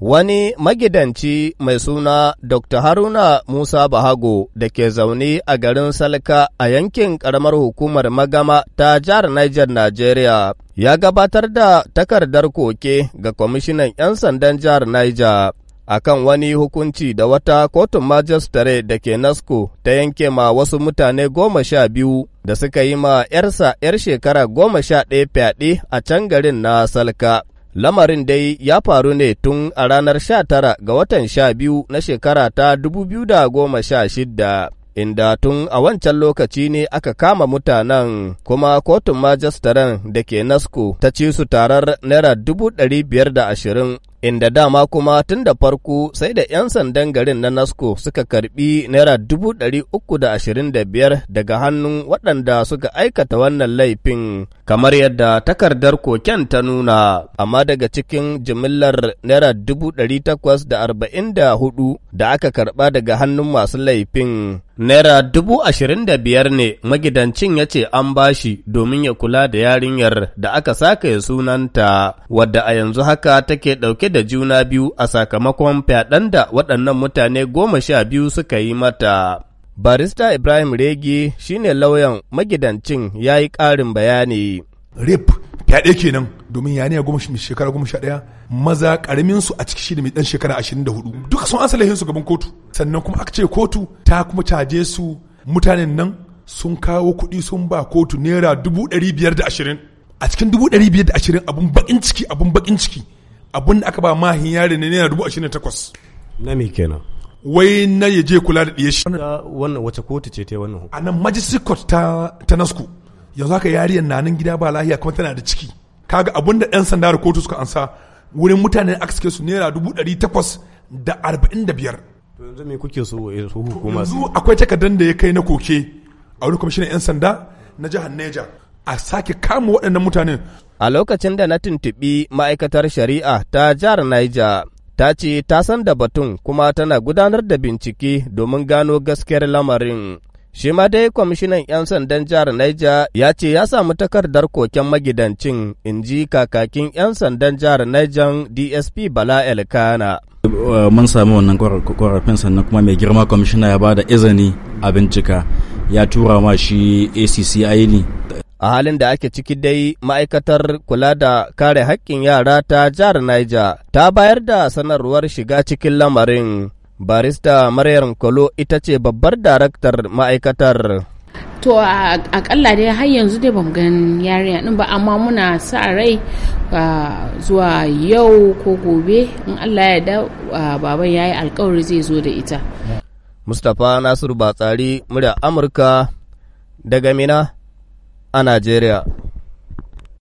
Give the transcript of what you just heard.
Wani magidanci mai suna Dr. Haruna Musa Bahago da ke zaune a garin Salka a yankin ƙaramar hukumar Magama ta jihar Niger, Najeriya, ya gabatar da takardar koke ga kwamishinan 'yan sandan jihar Niger akan wani hukunci da wata kotun majistare da ke Nasko ta yanke ma wasu mutane goma sha biyu da suka yi ma 'yarsa 'yar shekara goma sha ɗaya fyaɗe a can garin na Salka. Lamarin dai ya faru ne tun a ranar 19 ga watan 12 na shekara ta 2016 inda tun a wancan lokaci ne aka kama mutanen kuma kotun majistaren da ke Nasko ta ci su tarar naira 520 inda dama kuma tun da farko sai da 'yan sandan garin na NASCO suka karbi naira 325 daga hannun waɗanda suka aikata wannan laifin kamar yadda takardar koken ta nuna amma daga cikin jimillar naira 844 da aka karba daga hannun masu laifin naira 25,000 ne magidancin ya ce an bashi domin ya kula da yarinyar da aka sake sunanta wadda a yanzu haka take ɗauke ɗauke da juna biyu a sakamakon fyaɗen da waɗannan mutane goma sha biyu suka yi mata. Barista Ibrahim Regi shine lauyan magidancin ya yi ƙarin bayani. Rip fyaɗe kenan domin ya ne goma shekara goma sha ɗaya maza ƙaramin su a ciki shi da mai ɗan shekara ashirin da hudu duka sun asalahin su gaban kotu sannan kuma aka ce kotu ta kuma caje su mutanen nan sun kawo kuɗi sun ba kotu naira dubu ɗari biyar da ashirin a cikin dubu ɗari biyar da ashirin abun baƙin ciki abun baƙin ciki abin da aka ba mahin yari ne naira dubu ashirin da takwas na me kenan wai na ya je kula da ɗiye shi wannan wace kotu ce ta wannan a nan majisi kot ta ta nasku yanzu haka yariyar na nan gida ba lahiya kuma tana da ciki kaga abin da 'yan sanda da kotu suka ansa wurin mutane aka suke su naira dubu ɗari takwas da arba'in da biyar yanzu me kuke so hukuma yanzu akwai takardar da ya kai na koke a wani kwamishinan 'yan sanda na jihar neja a sake kama waɗannan mutane. A lokacin da na tuntuɓi ma'aikatar shari'a ta jihar Niger, ta ce ta san da batun kuma tana gudanar da bincike domin gano gaskiyar lamarin. Shi ma dai kwamishinan 'yan sandan jihar Niger ya ce ya samu takardar koken magidancin in ji kakakin 'yan sandan jihar Niger DSP Bala Elkana. Eh, mun sami wannan korafin sannan kuma mai girma kwamishina ya ba da izini a bincika ya tura ma shi ACC ne a halin da ake ciki dai ma'aikatar kula da kare hakkin yara ta jihar Niger ta bayar da sanarwar shiga cikin lamarin barista maryam kolo ita ce babbar daraktar ma'aikatar to a akalla dai har yanzu dai bamu gan yarinya din ba amma muna sa rai zuwa yau ko gobe in allah ya da baban yayi alkawari zai zo da ita mustapha nasiru batsari murya amurka daga mina a Najeriya.